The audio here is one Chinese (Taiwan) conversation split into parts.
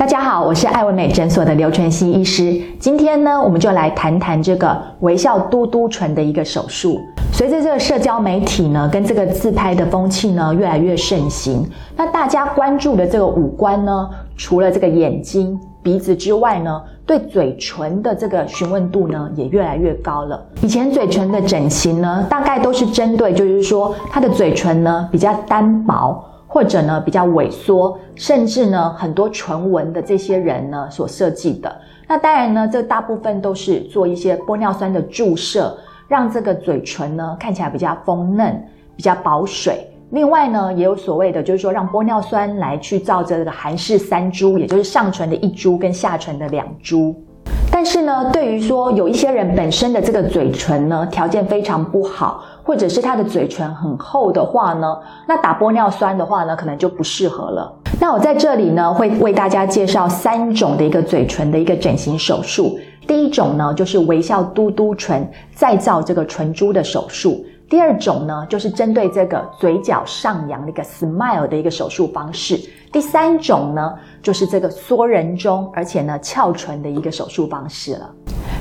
大家好，我是愛惟美診所的劉淳熙醫師。今天呢，我們就來談談這個微笑嘟嘟唇的一個手術。隨着這個社交媒體呢，跟這個自拍的風氣呢越來越盛行，那大家關注的這個五官呢，除了這個眼睛、鼻子之外呢，對嘴唇的這個詢問度呢也越來越高了。以前嘴唇的整形呢，大概都是針對，就是說它的嘴唇呢比較單薄。或者呢比較萎縮，甚至呢很多唇紋的這些人呢所設計的。那當然呢，這個、大部分都是做一些玻尿酸的注射，讓這個嘴唇呢看起來比較豐嫩、比較保水。另外呢，也有所謂的，就是說讓玻尿酸來去造這個韓式三珠，也就是上唇的一珠跟下唇的兩珠。但是呢，對於說有一些人本身的這個嘴唇呢，條件非常不好，或者是他的嘴唇很厚的話呢，那打玻尿酸的話呢，可能就不適合了。那我在這裡呢，會為大家介紹三種的一個嘴唇的一個整形手術。第一種呢，就是微笑嘟嘟唇，再造這個唇珠的手術。第二種呢，就是針對這個嘴角上揚的一個 smile 的一個手術方式。第三種呢，就是這個縮人中，而且呢翹唇的一個手術方式了。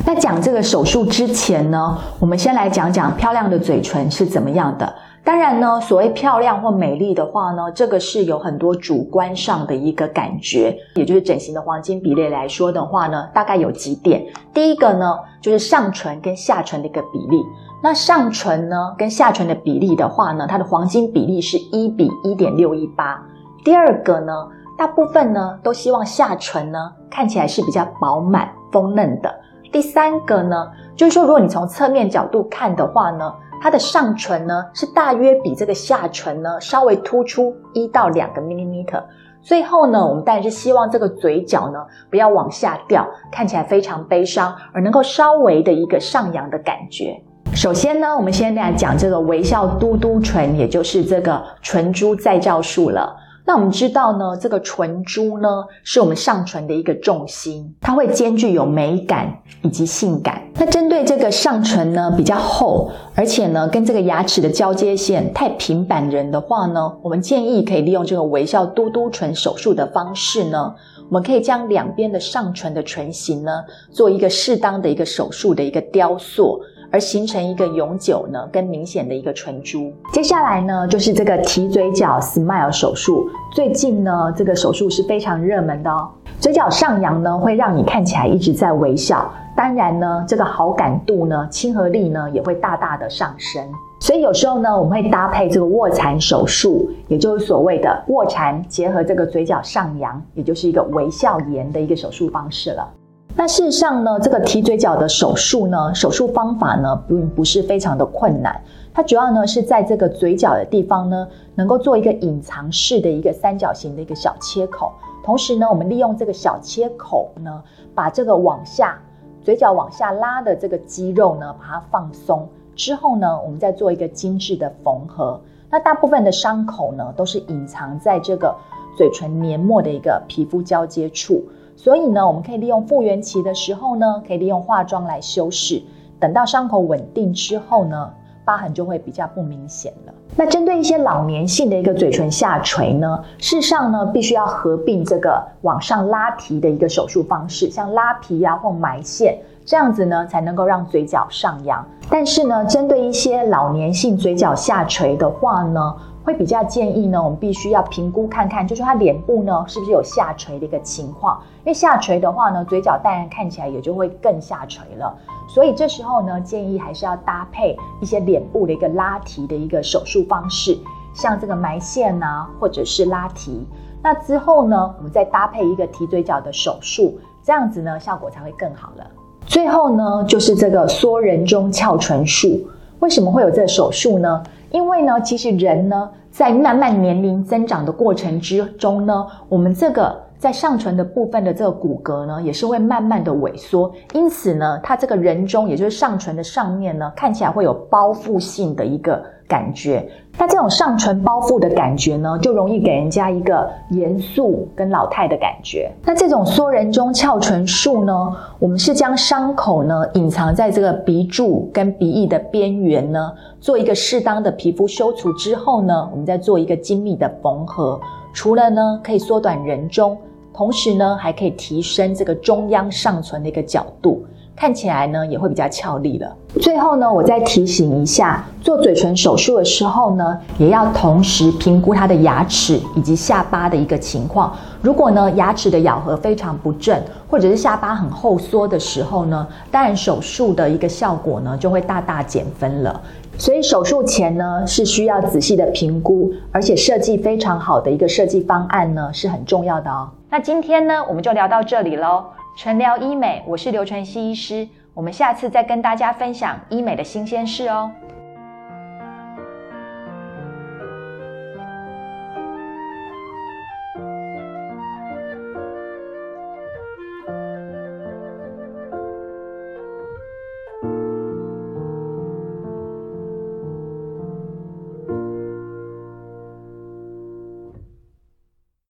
那講這個手術之前呢，我們先來講講漂亮的嘴唇是怎麼樣的。當然呢，所謂漂亮或美麗的話呢，這個是有很多主觀上的一個感覺。也就是整形的黃金比例來說的話呢，大概有幾點。第一個呢，就是上唇跟下唇的一個比例。那上唇呢，跟下唇的比例的話呢，它的黃金比例是一比一點六一八。第二個呢，大部分呢都希望下唇呢看起來是比較飽滿豐嫩的。第三個呢，就是說如果你從側面角度看的話呢，它的上唇呢是大約比這個下唇呢稍微突出一到兩個 millimeter。最後呢，我們當然是希望這個嘴角呢不要往下掉，看起來非常悲傷，而能夠稍微的一個上揚的感覺。首先呢，我們先跟大家講這個微笑嘟嘟唇，也就是這個唇珠再造術了。那我們知道呢，這個唇珠呢是我們上唇的一個重心，它會兼具有美感以及性感。那針對這個上唇呢比較厚，而且呢跟這個牙齒的交接線太平板人的話呢，我們建議可以利用這個微笑嘟嘟唇手術的方式呢，我們可以將兩邊的上唇的唇形呢做一個適當的一個手術的一個雕塑。而形成一個永久呢、跟明顯的一個唇珠。接下來呢，就是這個提嘴角 smile 手術。最近呢，這個手術是非常熱門的哦。嘴角上揚呢，會讓你看起來一直在微笑，當然呢，這個好感度呢、親和力呢，也會大大的上升。所以有時候呢，我們會搭配這個臥蠶手術，也就是所謂的臥蠶結合這個嘴角上揚，也就是一個微笑顏的一個手術方式了。那事實上呢，這個提嘴角的手術呢，手術方法呢，並不是非常的困難。它主要呢，是在這個嘴角的地方呢，能夠做一個隱藏式的一個三角形的一個小切口。同時呢，我們利用這個小切口呢，把這個往下，嘴角往下拉的這個肌肉呢，把它放鬆。之後呢，我們再做一個精緻的縫合。那大部分的傷口呢，都是隱藏在這個嘴唇黏膜的一個皮膚交接處。所以呢，我們可以利用復原期的時候呢，可以利用化妝來修飾。等到傷口穩定之後呢，疤痕就會比較不明顯了。那針對一些老年性的一個嘴唇下垂呢，事實上呢，必須要合併這個往上拉皮的一個手術方式，像拉皮呀、啊、或埋線，這樣子呢，才能夠讓嘴角上揚。但是呢，針對一些老年性嘴角下垂的話呢，會比較建議呢，我們必須要評估看看，就是他臉部呢，是不是有下垂的一個情況，因為下垂的話呢，嘴角當然看起來也就會更下垂了。所以這時候呢，建議還是要搭配一些臉部的一個拉提的一個手術方式，像這個埋線啊，或者是拉提。那之後呢，我們再搭配一個提嘴角的手術，這樣子呢，效果才會更好了。最後呢，就是這個縮人中翹唇術。為什麼會有這手術呢？因為呢，其實人呢，在慢慢年齡增長的過程之中呢，我們這個。在上唇的部分的這個骨骼呢，也是會慢慢的萎縮，因此呢，它這個人中也就是上唇的上面呢，看起來會有包覆性的一個感覺。那這種上唇包覆的感覺呢，就容易給人家一個嚴肅跟老態的感覺。那這種縮人中翹唇術呢，我們是將傷口呢，隱藏在這個鼻柱跟鼻翼的邊緣呢，做一個適當的皮膚修除之後呢，我們再做一個精密的縫合。除了呢，可以縮短人中。同時呢，還可以提升這個中央上唇的一個角度。看起來呢也會比較俏麗了。最後呢，我再提醒一下，做嘴唇手術的時候呢，也要同時評估他的牙齒以及下巴的一個情況。如果呢牙齒的咬合非常不正，或者是下巴很後縮的時候呢，當然手術的一個效果呢就會大大減分了。所以手術前呢是需要仔細的評估，而且設計非常好的一個設計方案呢是很重要的哦。那今天呢我們就聊到這裡嘍。淳聊醫美，我是劉淳熙醫師，我們下次再跟大家分享醫美的新鮮事哦。